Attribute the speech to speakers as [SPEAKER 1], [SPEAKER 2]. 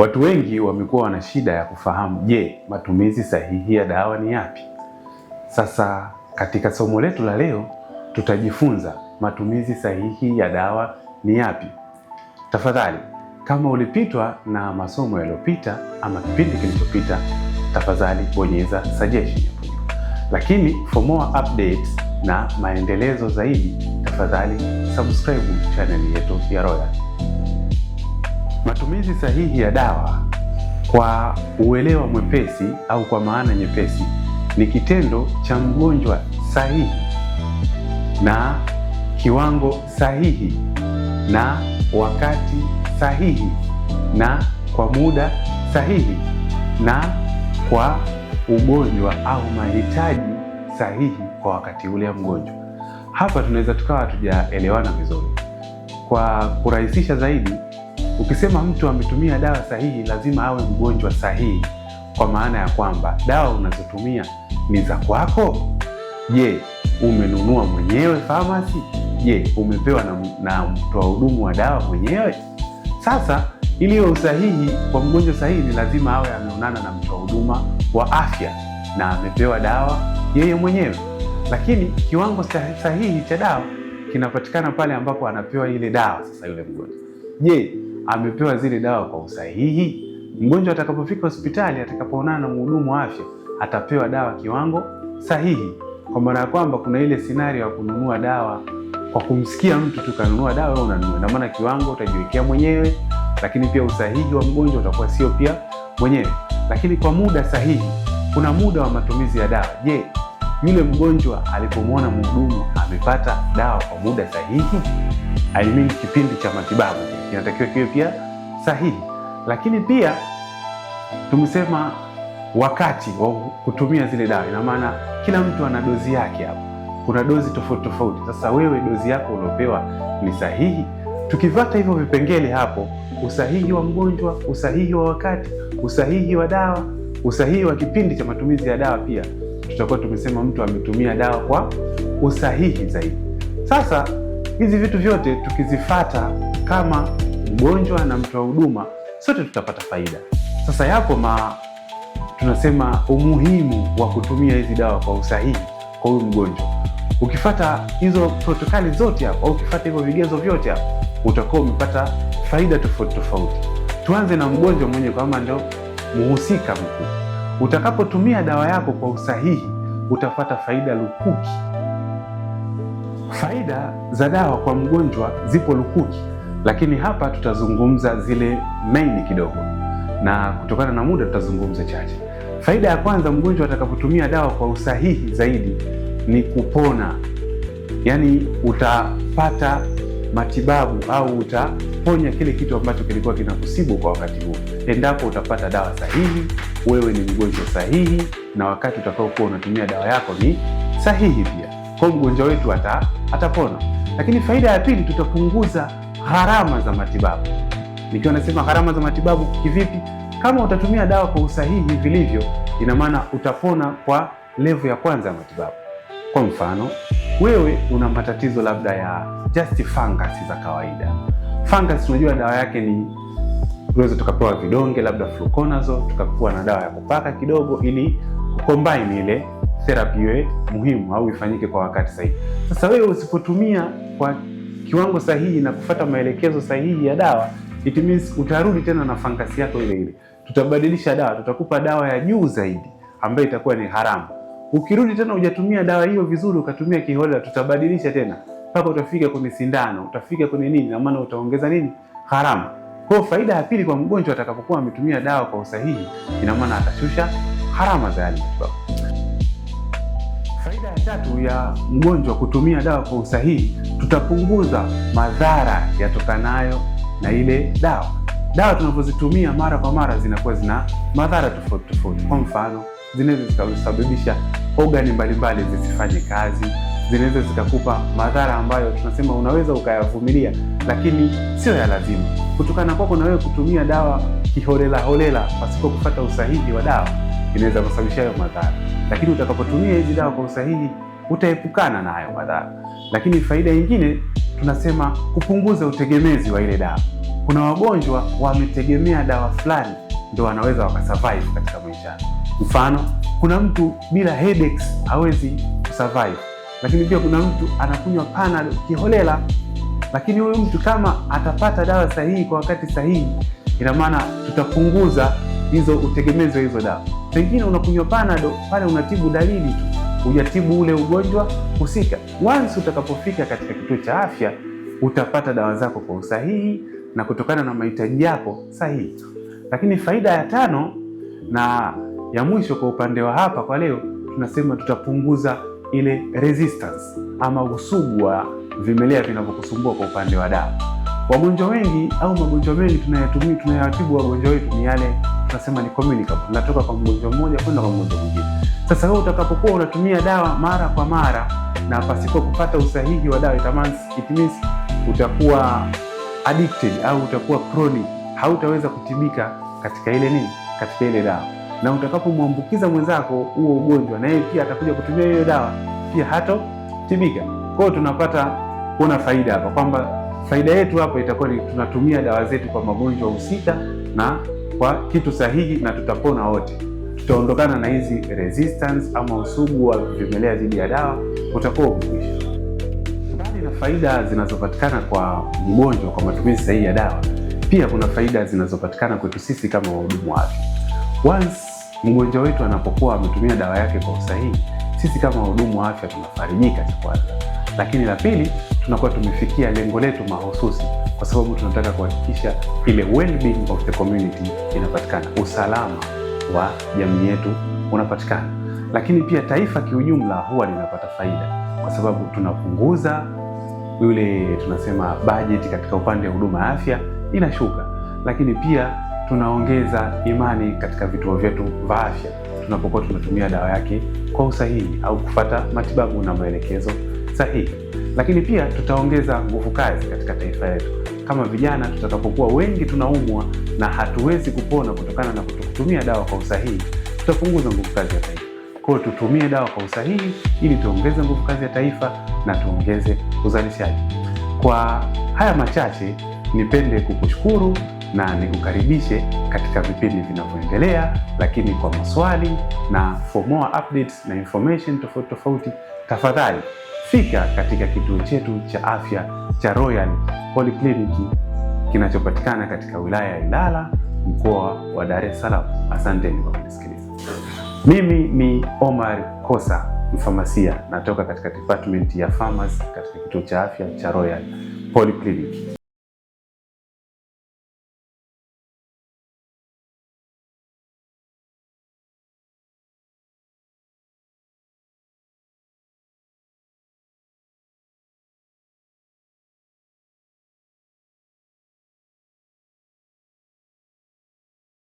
[SPEAKER 1] Watu wengi wamekuwa wana shida ya kufahamu, je, matumizi sahihi ya dawa ni yapi? Sasa katika somo letu la leo tutajifunza matumizi sahihi ya dawa ni yapi. Tafadhali, kama ulipitwa na masomo yaliyopita ama kipindi kilichopita, tafadhali bonyeza suggestion. Lakini for more updates na maendelezo zaidi, tafadhali subscribe channel yetu ya Royal. Matumizi sahihi ya dawa kwa uelewa mwepesi au kwa maana nyepesi ni kitendo cha mgonjwa sahihi na kiwango sahihi na wakati sahihi na kwa muda sahihi na kwa ugonjwa au mahitaji sahihi kwa wakati ule mgonjwa. Hapa tunaweza tukawa hatujaelewana vizuri. Kwa kurahisisha zaidi Ukisema mtu ametumia dawa sahihi, lazima awe mgonjwa sahihi, kwa maana ya kwamba dawa unazotumia ni za kwako. Je, umenunua mwenyewe famasi? Je, umepewa na, na mtoa hudumu wa dawa mwenyewe? Sasa ili iwe usahihi kwa mgonjwa sahihi, ni lazima awe ameonana na mtoa huduma wa afya na amepewa dawa yeye mwenyewe. Lakini kiwango sahihi cha dawa kinapatikana pale ambapo anapewa ile dawa sasa yule mgonjwa. Je, amepewa zile dawa kwa usahihi. Mgonjwa atakapofika hospitali, atakapoonana na mhudumu wa afya, atapewa dawa kiwango sahihi, kwa maana ya kwamba kuna ile scenario ya kununua dawa kwa kumsikia mtu tu kanunua dawa, wewe unanunua. Ndio maana kiwango utajiwekea mwenyewe, lakini pia usahihi wa mgonjwa utakuwa sio pia mwenyewe. Lakini kwa muda sahihi, kuna muda wa matumizi ya dawa. Je, yule mgonjwa alipomwona mhudumu amepata dawa kwa muda sahihi? I mean kipindi cha matibabu inatakiwa kiwe pia sahihi, lakini pia tumesema wakati wa kutumia zile dawa, ina maana kila mtu ana dozi yake hapo. Kuna dozi tofauti tofauti. Sasa wewe dozi yako uliopewa ni sahihi? Tukivata hivyo vipengele hapo, usahihi wa mgonjwa, usahihi wa wakati, usahihi wa dawa, usahihi wa kipindi cha matumizi ya dawa, pia tutakuwa tumesema mtu ametumia dawa kwa usahihi zaidi. Sasa hizi vitu vyote tukizifata kama mgonjwa na mtoa huduma sote tutapata faida. Sasa yapo ma tunasema umuhimu wa kutumia hizi dawa kwa usahihi kwa huyu mgonjwa. Ukifata hizo protokali zote hapo au ukifata hivyo vigezo vyote hapo, utakuwa umepata faida tofauti tofauti. Tuanze na mgonjwa mwenye kama ndio mhusika mkuu. Utakapotumia dawa yako kwa usahihi, utapata faida lukuki. Faida za dawa kwa mgonjwa zipo lukuki lakini hapa tutazungumza zile maini kidogo, na kutokana na muda tutazungumza chache. Faida ya kwanza, mgonjwa atakapotumia dawa kwa usahihi zaidi ni kupona, yaani utapata matibabu au utaponya kile kitu ambacho kilikuwa kinakusibu kwa wakati huo, endapo utapata dawa sahihi, wewe ni mgonjwa sahihi, na wakati utakaokuwa unatumia dawa yako ni sahihi pia. Kwa mgonjwa wetu ata, atapona. Lakini faida ya pili, tutapunguza gharama za matibabu. Nikiwa nasema gharama za matibabu kivipi? Kama utatumia dawa kwa usahihi vilivyo, ina maana utapona kwa levu ya kwanza ya matibabu. Kwa mfano, wewe una matatizo labda ya just fungus za kawaida. Fungus tunajua dawa yake ni tunaweza tukapewa vidonge labda fluconazole, tukakuwa na dawa ya kupaka kidogo, ili kucombine ile therapy iwe muhimu au ifanyike kwa wakati sahihi. Sasa wewe usipotumia kwa kiwango sahihi na kufata maelekezo sahihi ya dawa, it means utarudi tena na fangasi yako ile ile. Tutabadilisha dawa, tutakupa dawa ya juu zaidi ambayo itakuwa ni haramu. Ukirudi tena hujatumia dawa hiyo vizuri, ukatumia kiholela, tutabadilisha tena mpaka utafika kwenye sindano, utafika kwenye nini, na maana utaongeza nini, haramu. Kwa faida ya pili kwa mgonjwa atakapokuwa ametumia dawa kwa usahihi, ina maana atashusha harama za matibabu tatu ya mgonjwa kutumia dawa kwa usahihi, tutapunguza madhara yatokanayo na ile dawa. Dawa tunavyozitumia mara kwa mara zinakuwa zina madhara tofauti tofauti. Kwa mfano, zinaweza zikasababisha ogani mbalimbali zisifanye kazi, zinaweza zikakupa madhara ambayo tunasema unaweza ukayavumilia, lakini sio ya lazima, kutokana kwako na wewe kutumia dawa kiholelaholela pasipo kufata usahihi wa dawa inaweza kusababisha hayo madhara, lakini utakapotumia hizi dawa kwa usahihi utaepukana na hayo madhara. Lakini faida nyingine tunasema kupunguza utegemezi wa ile dawa. Kuna wagonjwa wametegemea dawa fulani ndo wanaweza wakasurvive katika maisha. Mfano, kuna mtu bila headaches hawezi kusurvive, lakini pia kuna mtu anakunywa Panadol kiholela, lakini huyu mtu kama atapata dawa sahihi kwa wakati sahihi, ina maana tutapunguza hizo utegemezi wa hizo dawa. Pengine unakunywa panado pale, unatibu dalili tu, hujatibu ule ugonjwa husika. Once utakapofika katika kituo cha afya, utapata dawa zako kwa usahihi na kutokana na mahitaji yako sahihi. Lakini faida ya tano na ya mwisho kwa upande wa hapa kwa leo, tunasema tutapunguza ile resistance ama usugu wa vimelea vinavyokusumbua kwa upande wa dawa. Wagonjwa wengi au magonjwa mengi tunayatibu wagonjwa wetu ni yale tunasema ni communicable, natoka kwa mgonjwa mmoja kwenda kwa mgonjwa mwingine. Sasa wewe utakapokuwa unatumia dawa mara kwa mara na pasipo kupata usahihi wa dawa, it means utakuwa addicted au utakuwa chronic, hautaweza kutibika katika ile nini, katika ile dawa. Na utakapomwambukiza mwenzako huo ugonjwa, na yeye pia atakuja kutumia hiyo dawa, pia hatotibika. Kwa hiyo tunapata kuona faida hapa kwamba faida yetu hapa itakuwa ni tunatumia dawa zetu kwa magonjwa husika na kwa kitu sahihi na tutapona wote. Tutaondokana na hizi resistance ama usugu wa vimelea dhidi ya dawa utakuwa umekwisha. Mbali na faida zinazopatikana kwa mgonjwa kwa matumizi sahihi ya dawa, pia kuna faida zinazopatikana kwetu sisi kama wahudumu wa afya. Once mgonjwa wetu anapokuwa ametumia dawa yake kwa usahihi, sisi kama wahudumu wa afya tunafarijika cha kwanza, lakini la pili, tunakuwa tumefikia lengo letu mahususi kwa sababu tunataka kuhakikisha ile well-being of the community inapatikana, usalama wa jamii yetu unapatikana, lakini pia taifa kiujumla huwa linapata faida, kwa sababu tunapunguza yule tunasema bajeti katika upande wa huduma ya afya inashuka, lakini pia tunaongeza imani katika vituo vyetu vya afya tunapokuwa tunatumia dawa yake kwa usahihi au kufata matibabu na maelekezo sahihi, lakini pia tutaongeza nguvu kazi katika taifa letu kama vijana tutakapokuwa wengi tunaumwa na hatuwezi kupona kutokana na kutokutumia dawa kwa usahihi, tutapunguza nguvu kazi ya taifa. Kwa hiyo tutumie dawa kwa usahihi ili tuongeze nguvu kazi ya taifa na tuongeze uzalishaji. Kwa haya machache, nipende kukushukuru na nikukaribishe katika vipindi vinavyoendelea, lakini kwa maswali na for more updates na information tofauti tofauti, tafadhali fika katika kituo chetu cha afya cha Royal polikliniki kinachopatikana katika wilaya ya Ilala, mkoa wa Dar es Salaam. Asanteni kwa kunisikiliza. Mimi ni Omar Kosa, mfamasia, natoka katika department ya pharmacy katika kituo cha afya cha Royal Polyclinic.